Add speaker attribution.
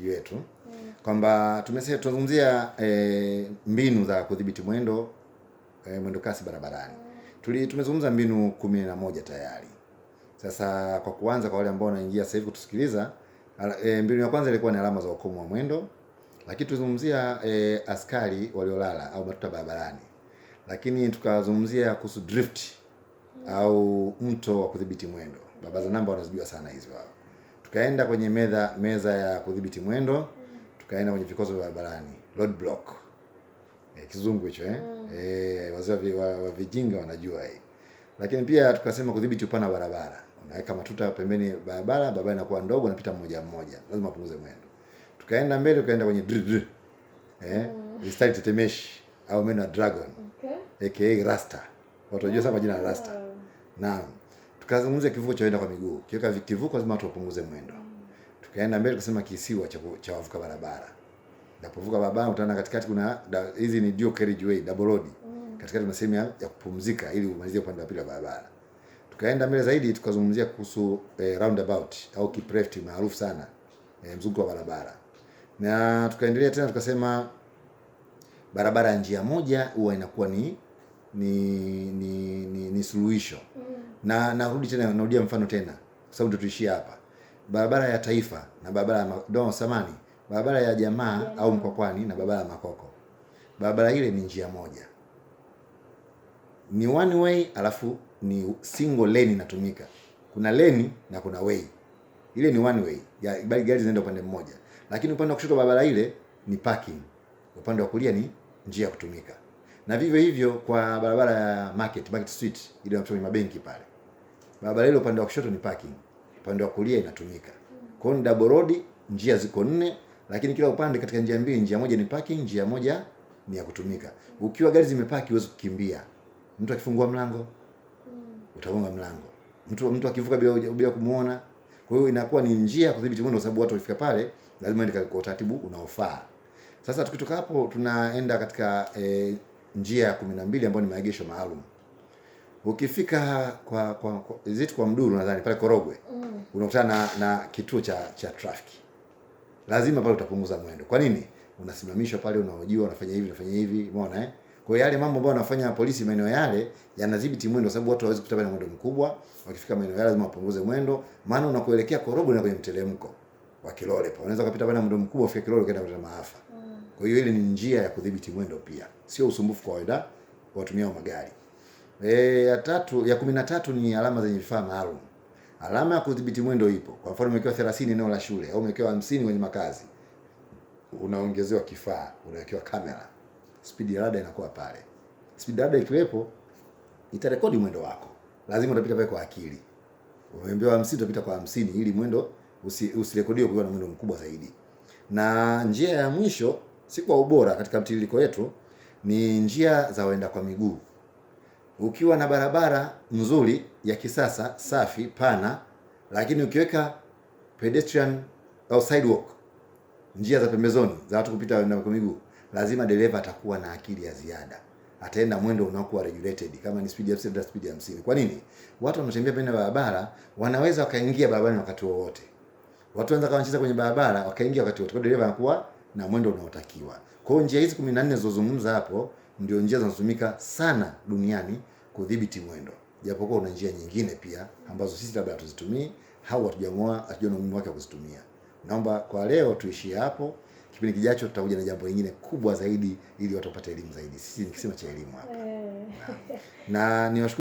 Speaker 1: miji yetu kwamba tumesema tunazungumzia e, eh, mbinu za kudhibiti mwendo e, mwendo kasi barabarani Tuli tumezungumza mbinu kumi na moja tayari. Sasa kwa kuanza, kwa wale ambao wanaingia sasa hivi kutusikiliza e, mbinu ya kwanza ilikuwa ni alama za ukomo wa mwendo, lakini tulizungumzia e, askari waliolala au matuta barabarani, lakini tukazungumzia kuhusu drift au mto wa kudhibiti mwendo. Baba za namba wanazijua sana hizi wao Tukaenda kwenye meza, meza ya kudhibiti mwendo, tukaenda kwenye vikwazo vya barabarani, road block e, kizungu hicho eh, mm. e, wazee wa, wa vijinga wanajua hii eh. Lakini pia tukasema kudhibiti upana wa barabara, unaweka matuta pembeni barabara, barabara inakuwa ndogo, napita mmoja mmoja, lazima apunguze mwendo. Tukaenda mbele, tukaenda kwenye dr dr eh mm. mistari tetemeshi au meno ya dragon okay. aka rasta, watu wajua ah. sana jina la rasta. Naam tukazungumzia kivuko cha waenda kwa miguu, kiweka kivuko lazima watu wapunguze mwendo. Tukaenda mbele tukasema kisiwa cha cha wavuka barabara. Napovuka barabara utaona katikati kuna hizi ni dual way, double road. Mm. Katikati kuna sehemu ya kupumzika ili umalizie upande wa pili wa barabara. Tukaenda mbele zaidi tukazungumzia kuhusu eh, roundabout au kipreft maarufu sana eh, mzunguko wa barabara. Na tukaendelea tena tukasema barabara ya njia moja huwa inakuwa ni ni ni, ni, ni suluhisho. Mm na narudi tena, narudia mfano tena, kwa sababu tutuishia hapa. Barabara ya Taifa na barabara ya Domo Samani, barabara ya Jamaa yeah, au Mkwakwani na barabara ya Makoko, barabara ile ni njia moja, ni one way, alafu ni single lane inatumika. Kuna lane na kuna way, ile ni one way, bali gari zinaenda upande mmoja, lakini upande wa kushoto barabara ile ni parking, upande wa kulia ni njia ya kutumika na vivyo hivyo kwa barabara ya Market Market Street ile ya kwenye mabenki pale, barabara ile upande wa kushoto ni parking, upande wa kulia inatumika. Kwa hiyo ni double road, njia ziko nne, lakini kila upande katika njia mbili, njia moja ni parking, njia moja ni ya kutumika. Ukiwa gari zimepaki, huwezi kukimbia. Mtu akifungua mlango utagonga mlango, mtu mtu akivuka bila bila kumuona. Kwa hiyo inakuwa ni njia ya kudhibiti mwendo, sababu watu wafika pale lazima ndio kwa utaratibu unaofaa. Sasa tukitoka hapo tunaenda katika eh, njia ya kumi na mbili ambayo ni maegesho maalum. Ukifika kwa kwa, kwa, kwa Mduru nadhani pale Korogwe mm. unakutana na na kituo cha cha trafiki, lazima pale utapunguza mwendo. Kwa nini? Unasimamishwa pale, unaojua unafanya hivi unafanya hivi, umeona eh? Kwa yale mambo ambayo wanafanya polisi maeneo yale yanadhibiti mwendo, kwa sababu watu hawawezi kupita na mwendo mkubwa. Wakifika maeneo yale lazima wapunguze mwendo, maana unakoelekea Korogwe na kwenye mteremko wa Kilole pa unaweza kupita na mwendo mkubwa, ufike Kilole ukaenda kupata maafa. mm. Kwa hiyo ile ni njia ya kudhibiti mwendo pia, sio usumbufu kwa wenda watumiao magari. E, ya tatu ya kumi na tatu ni alama zenye vifaa maalum. Alama ya kudhibiti mwendo ipo. Kwa mfano umewekewa 30 eneo la shule au umewekewa 50 kwenye makazi, unaongezewa kifaa, unawekewa kamera, speed ya rada inakuwa pale. Speed rada ikiwepo itarekodi mwendo wako, lazima utapita pale kwa akili. Umeambiwa 50, utapita kwa 50 ili mwendo usirekodiwe usi kuwa na mwendo mkubwa zaidi. Na njia ya mwisho si kwa ubora katika mtiririko wetu, ni njia za waenda kwa miguu. Ukiwa na barabara nzuri ya kisasa safi pana, lakini ukiweka pedestrian au sidewalk, njia za pembezoni za watu kupita waenda kwa miguu, lazima dereva atakuwa na akili ya ziada, ataenda mwendo unaokuwa regulated. Kama ni speed ya 50 speed ya 50. Kwa nini watu wanatembea pembeni barabara? Wanaweza wakaingia barabarani wakati wowote, watu wanaweza kawacheza kwenye barabara wakaingia wakati wote, kwa dereva anakuwa na mwendo unaotakiwa. Kwa hiyo njia hizi 14 zilizozungumza hapo ndio njia zinazotumika sana duniani kudhibiti mwendo, japokuwa una njia nyingine pia ambazo sisi labda hatuzitumii au hatujaona hatujaona umuhimu wake wa kuzitumia. Naomba kwa leo tuishie hapo. Kipindi kijacho tutakuja na jambo lingine kubwa zaidi, ili watu wapate elimu zaidi. Sisi ni kisima cha elimu hapa na, eh. na niwashukuru